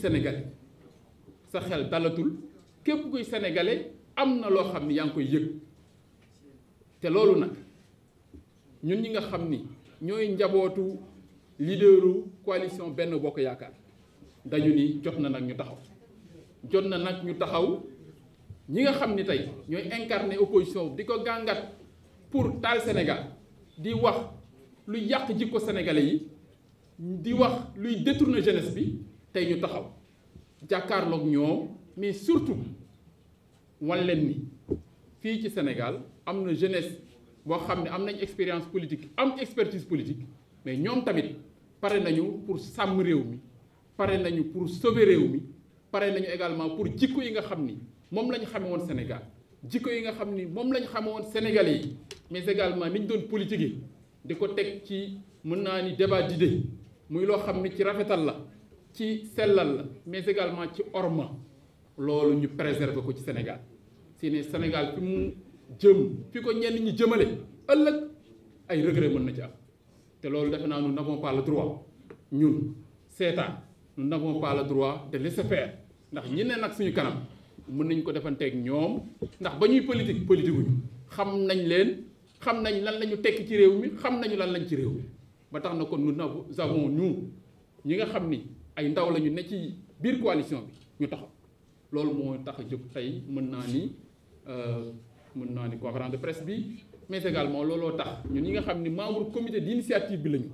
sénégalais sa xel dalatul képp kuy sénégalais am na loo xam ni yaa ngi koy yëg te loolu nag ñun ñi nga xam ni ñooy njabootu leaderu coalition benn bokk yaakaar dañu ni jox na nag ñu taxaw jot na nag ñu taxaw ñi nga xam ni tey ñooy incarné opposition di ko gàngat pour taal Sénégal di wax lu yàq jikko sénégalais yi di wax luy détourner jeunesse bi tey ñu taxaw jàkkaarloog ñoom mais surtout wan leen ni fii ci Sénégal am na jeunesse boo xam ne am nañ expérience politique am expertise politique mais ñoom tamit pare nañu pour sàmm réew mi pare nañu pour sauver réew mi pare nañu également pour jikko yi nga xam ni moom la ñu xame woon Sénégal jikko yi nga xam ni moom la ñu xame woon Sénégalais yi mais également ni ñu doon politique yi di ko teg ci mën naa ni débat d'idées muy loo xam ni ci rafetal la ci sellal la mais également ci orma loolu ñu préserver ko ci Sénégal si ne Sénégal fi mu jëm fi ko ñenn ñu jëmale ëllëg ay regret mën na ci am te loolu defe naa nous n'avons pas le droit ñun seetaan nous n'avons droit de laisser faire ndax ñi ne nag suñu kanam mën nañ ko defanteeg ñoom ndax ba ñuy politique politique xam nañ leen xam nañ lan lañu ñu tekki ci réew mi xam nañu lan lañ ci réew mi ba tax na kon nous avons nous ñi nga xam ni. ay ndaw la ñu ne ci biir coalition bi ñu tax loolu moo tax a jóg tey mën naa ni euh, mën naa ni conférence de presse bi mais également looloo tax ñun ñi nga xam ni membre comité d'initiative bi la ñu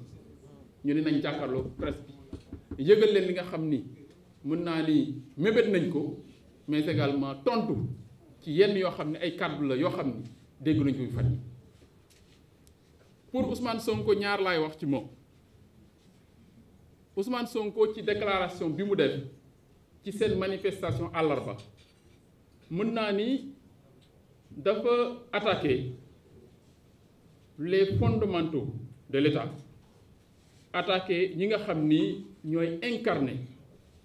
ñu ne nañ jàkkarloo presse bi yëgal leen li nga xam ni mën naa ni mébét nañ ko mais également tontu ci yenn yoo xam ne ay kàddu la yoo xam ni dégg nañu ko fan yi pour Ousmane Sonko ñaar lay wax ci moom. Ousmane Sonko ci déclaration bi mu def ci seen manifestation àllarba mën naa ni dafa attaquer les fondamentaux de l'État attaquer ñi nga xam ni ñooy incarner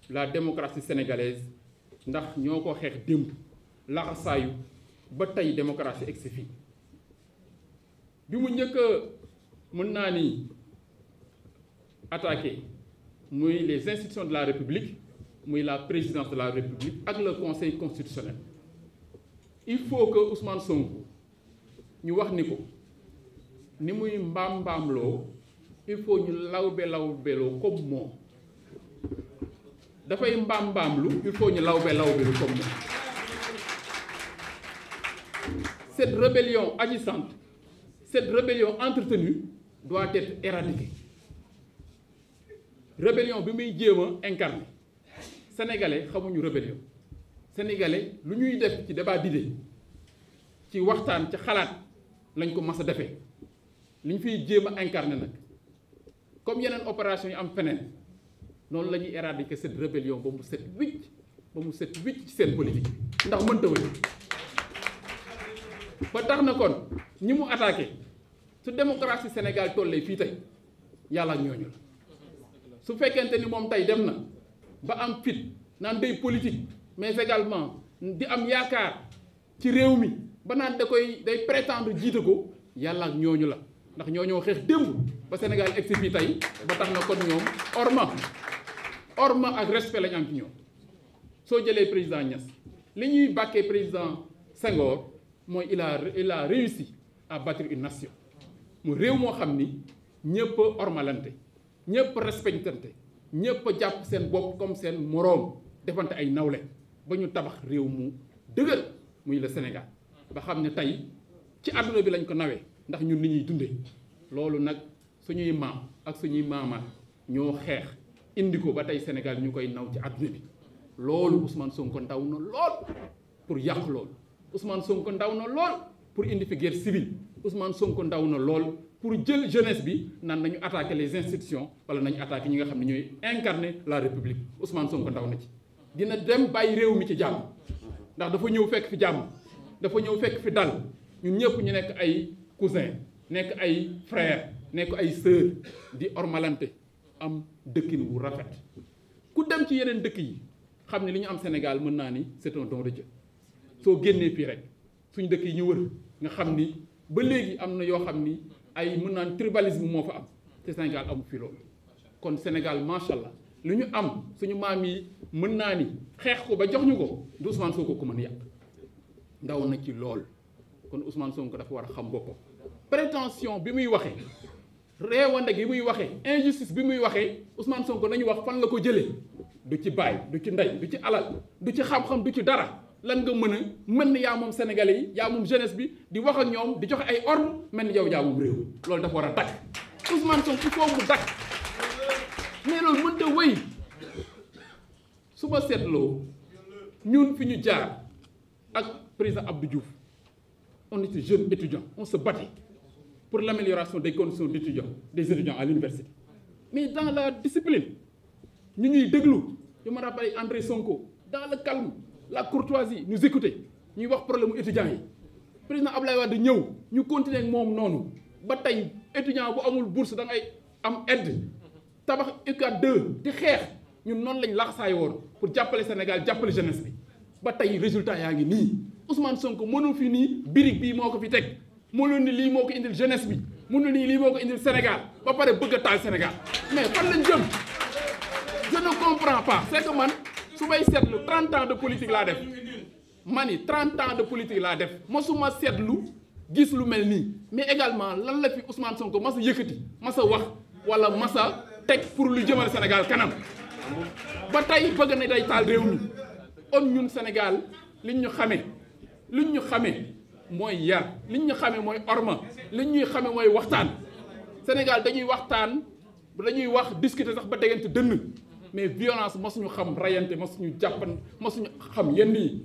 la démocratie sénégalaise ndax ñoo ko xeex démb laxasaayu ba tey démocratie egsi fii bi mu njëkk mën naa ni attaquer muy les institutions de la République muy la présidence de la République ak le conseil constitutionnel il faut que Ousmane Sonko ñu wax ni ko ni muy mbaam mbaam loo il faut ñu lawbe lawbeloo comme moom dafay mbaam lu il faut ñu lawbe lawbelu comme moom cette rébellion agissante cette rébellion entretenue doit être éradiquée rébellion bi muy jéem a incarné xamuñu rébellion sénégalais lu ñuy def ci débat d'idée ci waxtaan ci xalaat lañ ko mas a defee li ñu fiy jéem a incarné nag comme yeneen opération yi am feneen noonu lañuy ñuy seen cette rébellion ba mu set wicc ba mu set wicc ci seen politique ndax mënta wëñ ba tax na kon ñi mu attaqué su démocratie Sénégal tollee fii tey yàlla ak ñooñu la su fekkente ni moom tey dem na ba am fit naan day politique mais également di am yaakaar ci réew mi ba naan da koy day prétendre jiite ko yàlla ak ñooñu la ndax ñoo ñoo xeex démb ba Sénégal egsi fii tey ba tax na kon ñoom orma orma ak respect lañ am ci ñoom soo jëlee président ñas li ñuy bàkkee président Senghor mooy il a réussi à bâtir une nation mu réew moo xam ni ñëpp ormalante ñëpp respectante ñëpp a jàpp seen bopp comme seen moroom defante ay nawle ba ñu tabax réew mu dëgër muy le Sénégal ba xam ne tey ci àdduna bi lañ ko nawee ndax ñun li ñuy dundee loolu nag suñuy maam ak suñuy maamaat ñoo xeex indi ko ba tey Sénégal ñu koy naw ci àdduna bi loolu Ousmane Sonko ndaw na lool pour yàq loolu Ousmane Sonko ndaw na lool pour indi fi guerre civile usmaan sunk ndaw na lool pour jël jeunesse bi naan nañu attaquer les institutions wala nañu attaquer ñi nga xam ne ñooy incarner la république Ousmane Sonko ndaw na ci. dina dem bàyyi réew mi ci jàmm ndax dafa ñëw fekk fi jàmm dafa ñëw fekk fi dal ñun ñëpp ñu nekk ay cousin nekk ay frère nekk ay sœur di ormalante am dëkkin wu rafet ku dem ci yeneen dëkk yi xam ne li ñu am Sénégal mën naa ni c'est un don de Dieu soo génnee fii rek suñ dëkk yi ñu wër nga xam ni ba léegi am na yoo xam ni. ay mën naan tribalisme moo fa am te Sénégal amu fi loolu kon Sénégal macha allah lu ñu am suñu maam yi mën naa ni xeex ko ba jox ñu ko du Ousmane Sonko ko mën yàq ndaw na ci lool kon Ousmane Sonko dafa war a xam boppam prétention bi muy waxee réewande gi muy waxee injustice bi muy waxee Ousmane Sonko nañu wax fan la ko jële du ci baay du ci ndey du ci alal du ci xam-xam du ci dara. lan nga mën a mën yaa moom sénégalais yi yaa moom jeunesse bi di wax ak ñoom di joxe ay ordre mel ni yow réew loolu dafa war a dakk Ousmane Sonko il faut mu dakk mais loolu mënta wéy su ma seetloo ñun fi ñu jaar ak président Abdou Diouf on était jeune étudiant on se battait pour l'amélioration des conditions d'étudiants des étudiants a l'université mais dans la ñu ñuy déglu yu ma rappelé André Sonko dans le calme la courtoisie nous écouter ñuy wax problème mu étudiants yi président Ablaye Wade ñëw ñu continuer moom noonu ba tey étudiant bu amul bourse da ngay am aide tabax UCAD 2 di xeex ñun noonu lañ laxasaay woon pour jàppale Sénégal jàppale jeunesse bi ba tey résultat yaa ngi nii Ousmane Sonko mënul fi nii birig bii moo ko fi teg mënul ni lii moo ko indil jeunesse bi mënul ni lii moo ko indil Sénégal ba pare bëgg a taal Sénégal mais fan lañ jëm je ne comprends pas c'est man. su may seetlu 30 ans de politique laa def ma ni 30 de politique laa def mosuma seetlu gis lu mel nii mais également lan la fi Ousmane Sonko mas a yëkkati mas a wax wala mas a teg pour lu jëmal Sénégal kanam ba tey bëgg na day taal réew mi on ñun Sénégal liñ ñu xamee liñ ñu xamee mooy yar liñ ñu xame mooy orma li ñuy xamee mooy waxtaan Sénégal dañuy waxtaan dañuy wax discuter sax ba degante dënn mais violence suñu xam ma suñu jàppan masuñu xam yenn yi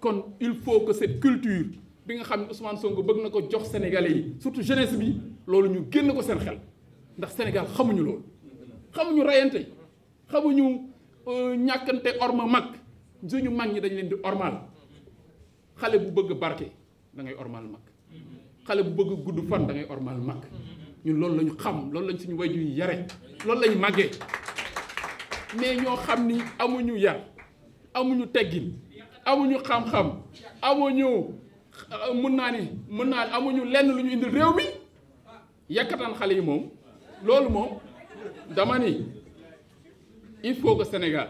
kon il faut que cette culture bi nga xam ne Ousmane Sonko bëgg na ko jox Sénégalais yi surtout jeunesse bi loolu ñu génn ko seen xel ndax Sénégal xamuñu loolu xamuñu rayante xamuñu euh, ñàkkante orma mag suñu mag ñi dañ leen di ormal xale bu bëgg barke da ngay ormal mag xale bu bëgg gudd fan da ngay ormal mag ñu loolu la xam loolu lañ suñu wayju yi yare loolu lañu màggee mais ñoo xam ni amuñu yar amuñu teggin amuñu xam-xam amuñu euh, mun naa ni mun naa amuñu lenn lu ñu indil réew mi yàkkataan xale yi moom loolu moom dama ni il faut que Sénégal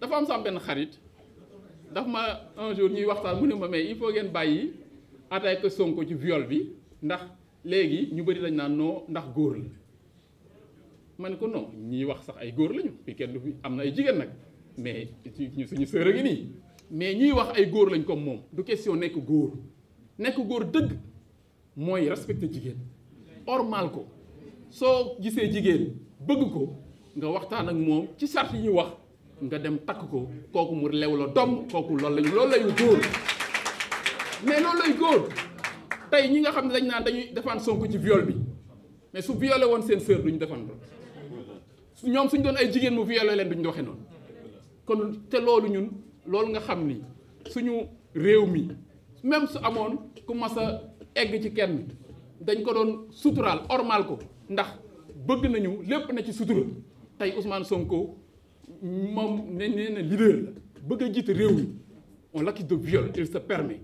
dafa am sam benn xarit daf ma un jour ñuy waxtaan mu ne ma mais il faut ngeen bàyyi que Sonko ci viole bi ndax léegi ñu bëri lañ naan non ndax góor la ma ne ko non ñiy wax sax ay góor lañu fi kenn du fi am na ay jigéen nag mais ci suñu sœur a ngi nii mais ñuy wax ay góor lañ comme moom du question nekk góor nekk góor dëgg mooy respecter jigéen ormal ko soo gisee jigéen bëgg ko nga waxtaan ak moom ci sart yi ñu wax nga dem takk ko kooku mu lew doom kooku loolu lañu loolu lañu góor mais loolu lay góor tey ñi nga xam ne dañ naan dañuy defaan Sonko ci viol bi mais su violé woon seen sœur duñu defaan ñoom suñ doon ay jigéen mu violé leen duñ doxee noonu kon te loolu ñun loolu nga xam ni suñu réew mi même su amoon ku mas egg ci kenn dañ ko doon suturaal ormal ko ndax bëgg nañu lépp na ci sutura tey Ousmane Sonko moom ne nee na leader bëgg a jiite réew mi on l'accuse de viol il sa permet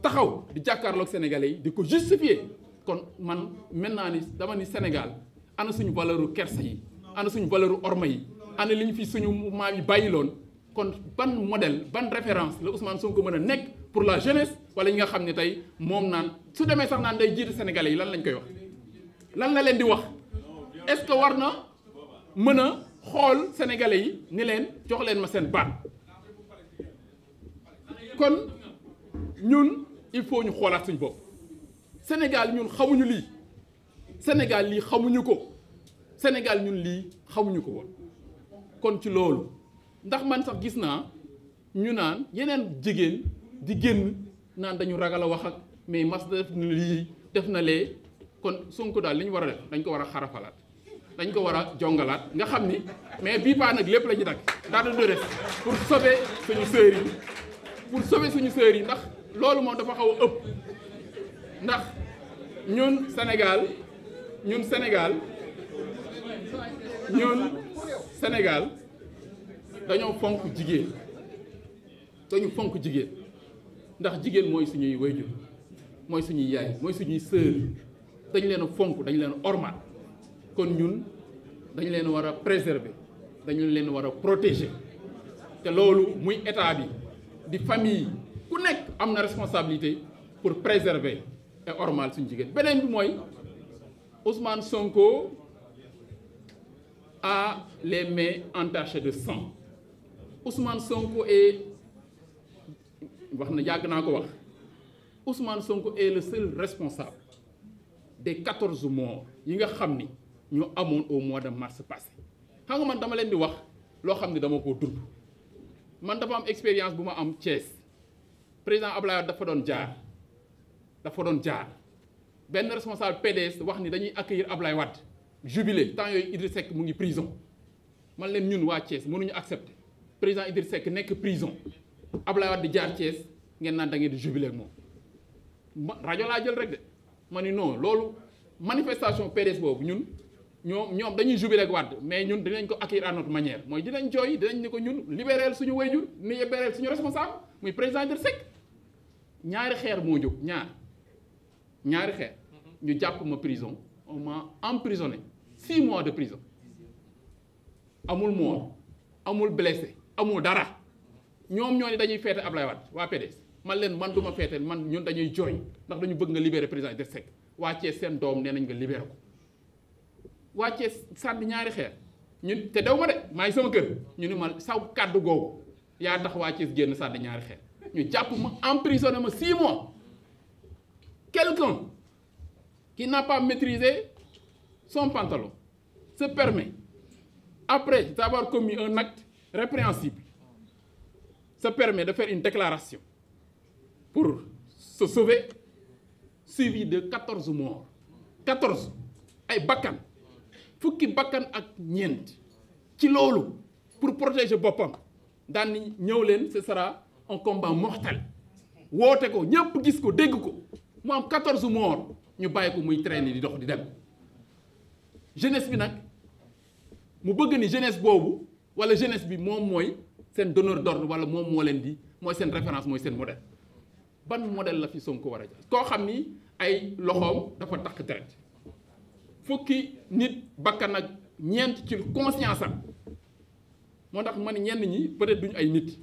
taxaw di jàkkaarlook sénégalais yi di ko justifier kon man mel naa ni dama ni Sénégal ana suñu valeur kersa yi. ana suñu valeur orme yi ana li ñu fi suñu maam yi loon kon ban model ban référence la Ousmane ko mën a nekk pour la jeunesse wala yi nga xam ne tey moom naan su demee sax naan day jiite Sénégalais yi lan lañ koy wax lan la leen di wax est-ce que war na mën a xool Sénégalais yi ni leen jox leen ma seen baat kon ñun il faut ñu xoolaat suñu bopp Sénégal ñun xamuñu lii Sénégal lii xamuñu ko. Sénégal ñun lii xamuñu ko woon kon ci loolu ndax man sax gis naa ñu naan yeneen jigéen di génn naan dañu ragal a wax ak mais mas def na lii def na lee kon Sonko daal li ñu war a def dañ ko war a xarafalaat dañ ko war a jongalaat nga xam ni mais bii paa nag lépp la ñu dakk daal du def pour sauver suñu sœurs pour sauver suñu sœurs yi ndax loolu moom dafa xaw a ëpp ndax ñun Sénégal ñun Sénégal ñun Sénégal dañoo fonk jigéen dañu fonk jigéen ndax jigéen mooy suñuy wayjur mooy suñuy yaay mooy suñuy sœur dañ leen fonk dañ leen a kon ñun dañ leen war a préserver dañu leen war a protéger te loolu muy état bi di famille ku nekk am na responsabilité pour préserver et ormal suñu jigéen beneen bi mooy Ousmane Sonko a les mais entachées de sang Ousmane Sonko est wax na yàgg naa ko wax Ousmane Sonko est le seul responsable des quatorze morts yi nga xam ni ñu amoon au mois de mars passé xam nga man dama leen di wax loo xam ni dama ko dund man dafa am expérience bu ma am Thiès président Ablaye dafa doon jaar dafa doon jaar benn responsable PDS wax ni dañuy accueillir Ablaye Wade jubilé temps yooyu Idriss Seck mu ngi prison man leen ñun waa Thiès ñu accepter président Idriss Seck nekk prison Ablaye Wade di jaar cees ngeen naan da ngeen di jubilé moom ma rajo laa jël rek de ma ni non loolu manifestation PDS boobu ñun ñoom ñoom dañuy jubilé ak Wade mais ñun dinañ ko accueillir à notre manière mooy dinañ jooy dinañ ni ko ñun libéral suñu wayjur ni libéral suñu responsable muy président Idriss Seck ñaari xeer moo jóg ñaar ñaari xeer mm-hmm. ñu jàpp ma prison on m'a emprisonné six mois de prison amul mort amul blessé amul dara ñoom ñoo ni dañuy feete Ablaye Wade waa PDS man leen man du ma man ñun dañuy jooy ndax dañu bëgg nga libéré président Idrissa Seck waa Thiès seen doom nee nañ nga libéré ko waa Thiès ñaari xeer ñun te daw ma de maa ngi sama kër ñu ne ma saw kàddu googu yaa ndax waa génn sànni ñaari xeer ñu jàpp ma emprisonné ma six mois quelqu'un qui n'a pas maîtrisé son pantalon se permet, après avoir commis un acte répréhensible, se permet de faire une déclaration pour se sauver, suivi de 14 morts. 14 ay bakkan fukki bakkan ak ñeent ci loolu pour protéger boppam daan ni ñëw leen ce sera un combat mortel woote ko ñëpp gis ko dégg ko mu am 14 morts ñu bàyyi ko muy traîner di dox di dem. jeunesse bi nag mu bëgg ni jeunesse boobu wala jeunesse bi moom mooy seen donneur d'ordre wala moom moo leen di mooy seen référence mooy seen modèle ban model la fi ko war a jël koo xam ni ay loxoom dafa takk deret fukki nit bakkan ak ñeent ci conscience am moo tax man ñenn ñi peut-être duñu ay nit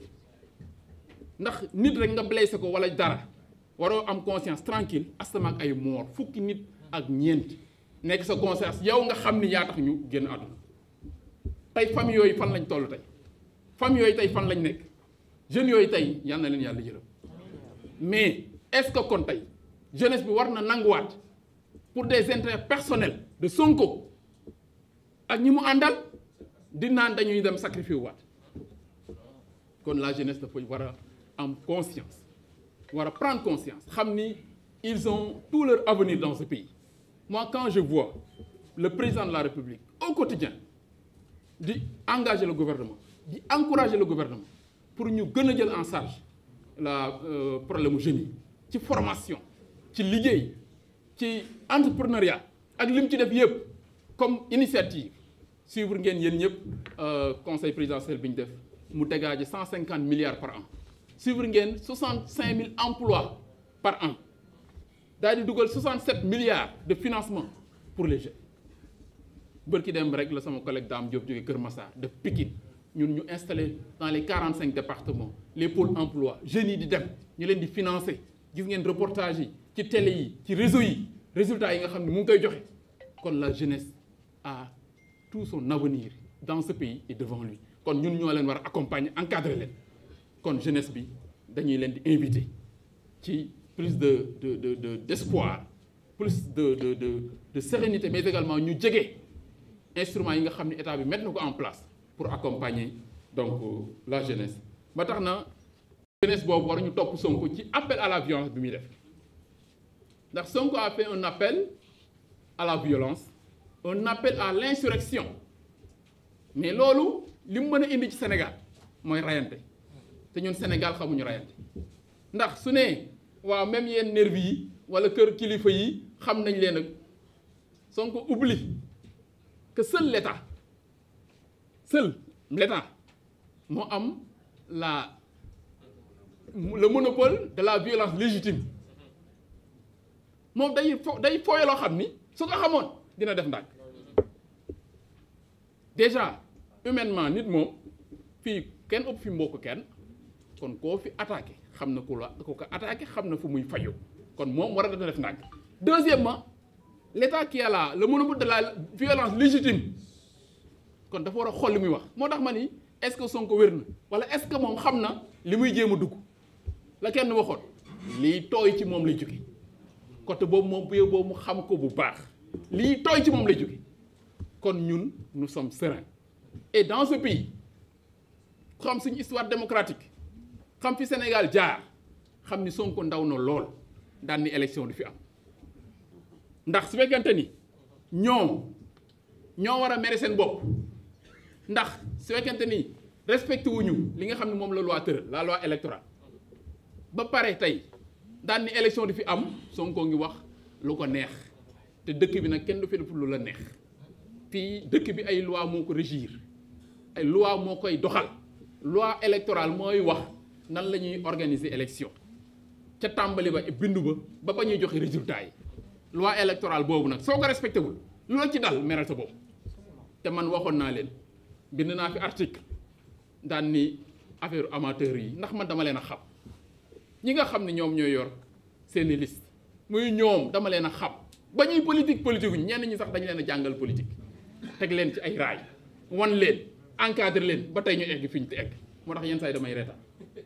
ndax nit rek nga blessé ko wala dara waroo am conscience tranquille astama ak ay moor fukki nit ak ñeent nekk sa conscience yow nga xam ni yaa tax ñu génn àdduna tey famille yooyu fan lañ toll tey famille yooyu tey fan lañ nekk jeunes yooyu tey yal na leen yàlla jërëm mais est-ce que kon tey jeunesse bi war na nanguwaat pour des intérêts personnels de Sonko ak ñi mu àndal di naan dañuy dem sacrifier waat kon la jeunesse dafa war a am conscience war a prendre conscience xam ni ils ont tout leur avenir dans ce pays Moi, quand je vois le président de la République au quotidien di engager le gouvernement di encourager le gouvernement pour ñu gën a jël en charge la euh, problème mu ci formation ci liggéey ci entrepreneuriat ak li mu ci def yëpp comme initiative suivre ngeen yéen ñëpp euh, conseil présidentiel bi ñu def mu dégagé cent cinquante milliards par an suivre ngeen soixante cinq mille emplois par an. daal di dugal 67 milliards de financement pour les jeunes bërki dem rek la sama collègue Dame Diop jóge Kër Massar def Pikine ñun ñu installé dans les 45 départements les pôles emploi jeunes yi di dem ñu leen di financer gis ngeen reportage yi ci télé yi ci réseau yi résultats yi nga xam ne mu ngi koy joxe kon la jeunesse a tout son avenir dans ce pays et devant lui kon ñun ñoo leen war a accompagner encadrer leen kon jeunesse bi dañuy leen di invité ci plus de de de de d'espoir plus de de de de sérénité mais également ñu jege instruments yi nga xam ne état bi mettre na ko en place pour accompagner donc euh, la jeunesse. ba tax na jeunesse boobu war ñu topp Sonko ci appel à la violence muy def ndax Sonko a fait un appel à la violence un appel l'insurrection mais loolu li mu mën a indi ci Sénégal mooy rayante te ñun Sénégal xamuñu rayante ndax su ne. waaw même yenn nervi yi wala kër kilifa yi xam nañ leen ak Sonko oublie que seul l'État seul l'État moo am la le monopole de la violence légitime moom day fo day fooye loo xam ni su ko xamoon dina def ndànk déjà humainement nit moom fii kenn ëpp fi mbokk kenn kon koo fi attaqué xam na ku la ku ko attaqué xam na fu muy fayu kon moom war a def na def ndànk deuxièmement l' état qui a là de la violence légitime kon dafa war a xol li muy wax moo tax ma ni est ce que Sonko wér na wala est ce que moom xam na li muy jéem a dugg la kenn waxoon lii tooy ci moom lay jóge côté boobu moom bu boobu mu xam ko bu baax lii tooy ci moom lay kon ñun nous sommes sereins et dans ce pays xam suñu histoire démocratique xam fi Sénégal jaar xam ni sonk ndaw na lool daan ni élection du fi am ndax su fekkente ni ñoom ñoo war a mere seen bopp ndax su fekkente ni respecté wuñu li nga xam ne moom la loi tëral la loi électorale ba pare tey daan ni élection di fi am Sonko ngi wax lu ko neex te dëkk bi nag kenn du fi lu la neex fii dëkk bi ay loi moo ko régir ay loi moo koy doxal loi électorale mooy wax nan la ñuy organiser élection ca tàmbali ba bindu ba ba ba ñuy joxe résultat yi loi électorale boobu nag soo ko respecté wul loolu ci dal meral sa boobu te man waxoon naa leen bind naa fi article daan ni affaire amateur yi ndax man dama leen a xam ñi nga xam ne ñoom ñooy yor seeni liste muy ñoom dama leen a xam ba ñuy politique politique uñ ñenn ñi sax dañ leen a jàngal politique teg leen ci ay raay wan leen encadre leen ba tey ñu egg fi ñu te egg moo tax yenn saa yi damay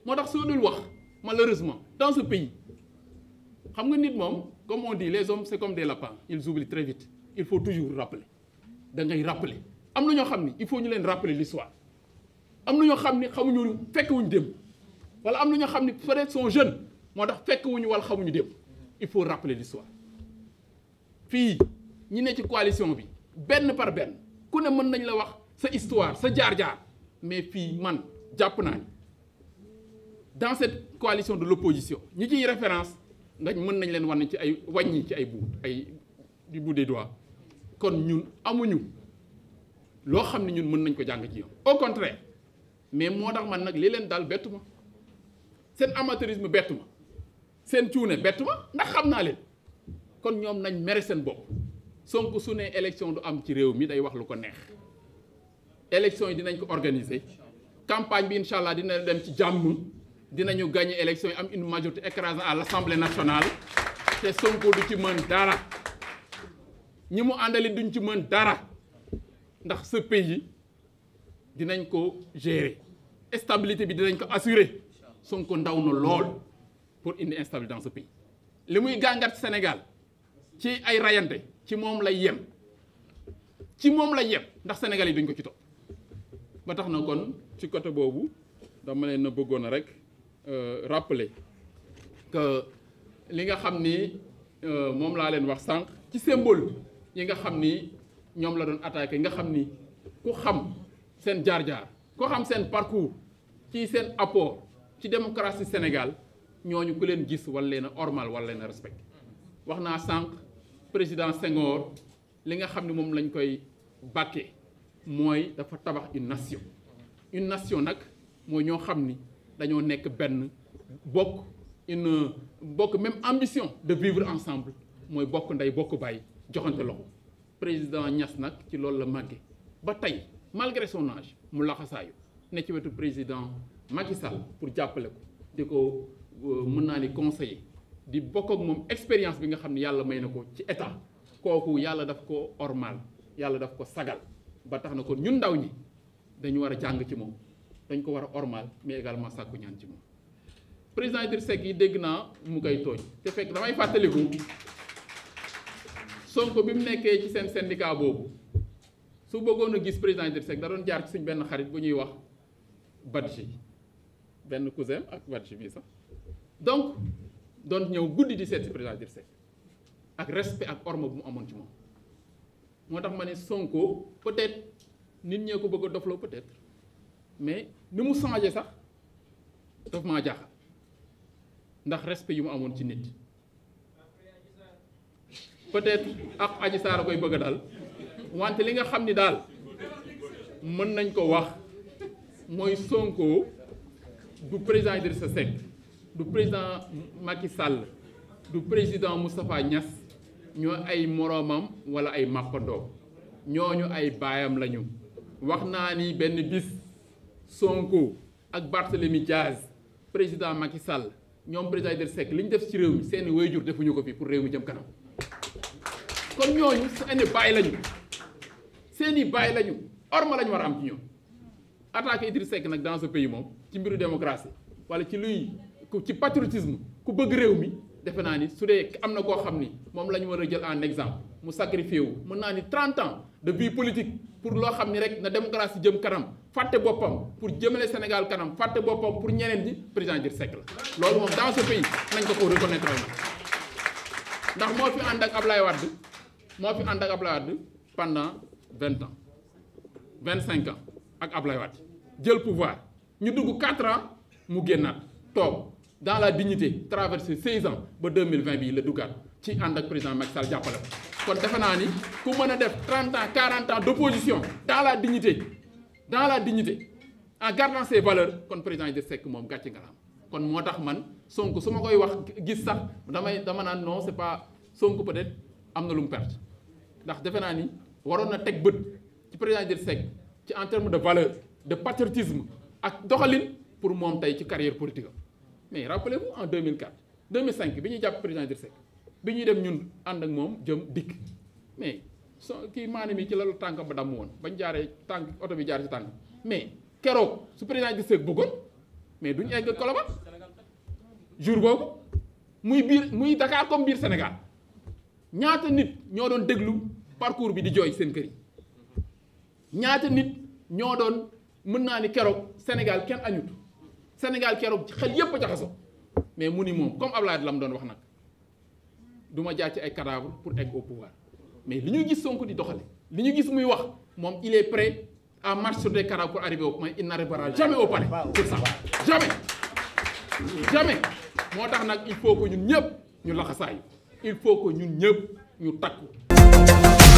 moo tax soo dul wax malheureusement dans ce pays xam nga nit moom comme on di les hommes c'est comme des lapins ils oublient très vite il faut toujours rappeler da ngay rappeler am na ñoo xam ni il faut ñu leen rappeler l'histoire am na ñoo xam ni xamuñu fekk wuñu dem wala am na ñoo xam ni peut-être sont jeunes moo tax fekk wuñu wala xamuñu dem il faut rappeler l'histoire fii ñu ne ci coalition bi benn par benn ku ne mën nañ la wax sa histoire sa jaar-jaar mais fii man jàpp naa dans cette coalition de l'opposition ñi ciy référence ndax mën nañ leen wan ci ay wàññi ci ay bout ay du bout des kon ñun amuñu loo xam ne ñun mën nañ ko jàng ci yoon au contraire mais moo tax man nag li leen daal bettu ma seen amateurisme bettu ma seen cuune bettu ma ndax xam naa leen kon ñoom nañ mere seen bopp sonk su ne élection du am ci réew mi day wax lu ko neex élection yi dinañ ko organiser campagne bi incha dina dem ci jàmm dinañu gagner élection yi am une majorité écrasante à l'Assemblée nationale te Sonko du ci mën dara ñi mu àndali duñ ci mën dara ndax ce yi dinañ ko gérer stabilité bi dinañ ko assurer Sonko ndaw na lool pour indi instabilité dans ce li muy gàngat Sénégal ci ay rayante ci moom lay yem ci moom lay yem ndax Sénégal yi duñ ko ci topp ba tax na kon ci côté boobu dama leen na bëggoon rek Euh, rappeler que li nga xam ni euh, moom laa leen wax sànq ci symbole yi nga xam ni ñoom la doon yi nga xam ni ku xam seen jaar-jaar ku xam seen parcours ci seen apo ci démocratie Sénégal ñooñu ku leen gis wala leen a ormal wala leen a respecté wax naa sànq président Senghor li nga xam ne moom lañ koy bàkkee mooy dafa tabax une nation une nation nag mooy ñoo xam ni dañoo nekk benn bokk une bokk même ambition de vivre ensemble mooy bokk ndey bokk bàyyi joxante loxo président ñas nag ci loolu la màgge ba tey malgré son mu laxasaayu ne ci wetu président Macky Sall pour jàppale ko di ko euh, mën naa ni conseiller di bokk ak moom expérience bi nga xam ne yàlla may na ko ci état kooku yàlla daf ko ormal yàlla daf ko sagal ba tax na ko ñun ndaw ñi dañu war a jàng ci moom dañ ko war a ormal mais également sàkku ñaan ci moom président Idriss yi dégg naa mu koy tooñ te fekk damay fàttaliku Sonko bi mu nekkee ci seen syndicat boobu su bëggoon a gis président Idriss Seck da doon jaar ci suñ benn xarit bu ñuy wax Badji benn cousin ak Badji bii sax donc doon ñëw guddi di seet si président Idriss ak respect ak orma bu mu amoon ci moom moo tax ma ne Sonko peut nit ñee ko bëgg a dofloo peut-être mais ni mu changé sax daf maa jaaxal ndax respect yi mu amoon ci nit peut-être ak Adji Sarr koy bëgg daal wante li nga xam ni daal mën nañ ko wax mooy Sonko du président sa Seck du président Macky Sall du président Moustapha Niass ñoo ay moroomam wala ay màqandoom ñooñu ay baayam lañu wax naa ni benn bis Sonko ak Barthélemy Diaz président Macky Sall ñoom président Idrissa Seck li ñu def ci réew mi seeni jur defuñu ko fi pour réew mi jëm kanam kon ñooñu seeni bàyyi lañu seeni bàyyi lañu orma lañu war a am ci ñoom attaqué Idrissa Seck nag dans ce pays moom ci mbiru démocratie wala ci luy ci patriotisme ku bëgg réew mi defe naa ni su dee am na koo xam ni moom la ñu war a jël en exemple mu sacrifié wu mën naa ni 30 ans de vie politique. pour loo xam ni rek na démocratie jëm kanam fàtte boppam pour jëmale Sénégal kanam fàtte boppam pour ñeneen ñi président Idriss Seck la loolu moom dans ce pays nañ ko ko reconnaître ndax moo fi ànd ak Ablaye Wade moo fi ànd ak Ablaye Wade pendant vingt ans vingt cinq ans ak Ablaye Wade jël pouvoir ñu dugg quatre ans mu génnaat toog dans la dignité traversé seize ans ba deux mille vingt bi la duggaat ci ànd ak président Macky Sall jàppale ko kon defe naa ni ku mën a def 30 ans 40 ans d'opposition dans la dignité dans la dignité en gardant valeur kon président de Seck moom gàcce nga am kon moo tax man sonk su ma koy wax gis sax damay dama naan non c'est pas Sonko peut am na lu mu perte ndax defe naa ni waroon na teg bët ci président Idrissa Seck ci en terme de valeur de patriotisme ak doxalin pour moom tey ci carrière politique am mais rappelez-vous en 2004 2005 bi ñuy bi ñuy dem ñun ànd ak moom jëm dikk mais so kii maanaam yi ci la tànkam ba damm woon bañ jaaree tànk oto bi jaar ci tànk mais keroog su président di seeg bëggoon mais duñ egg Colobane jour boobu muy biir muy Dakar comme biir Sénégal ñaata nit ñoo doon déglu parcours bi di jooy seen kër yi ñaata nit ñoo doon mën naa ni keroog Sénégal kenn añut Sénégal keroog xel yépp a jaxaso mais mu ni moom comme Ablaye la mu doon wax nag. du ma jaar ci ay cadavre pour egg au mais li ñu gis sonk di doxale li ñu gis muy wax moom il est prêt à marcher sur des cadavres pour arriver au point il n'arrivera jamais au jamais jamais moo tax nag il faut que ñun ñëpp ñu laxasaay il faut que ñun ñëpp ñu takku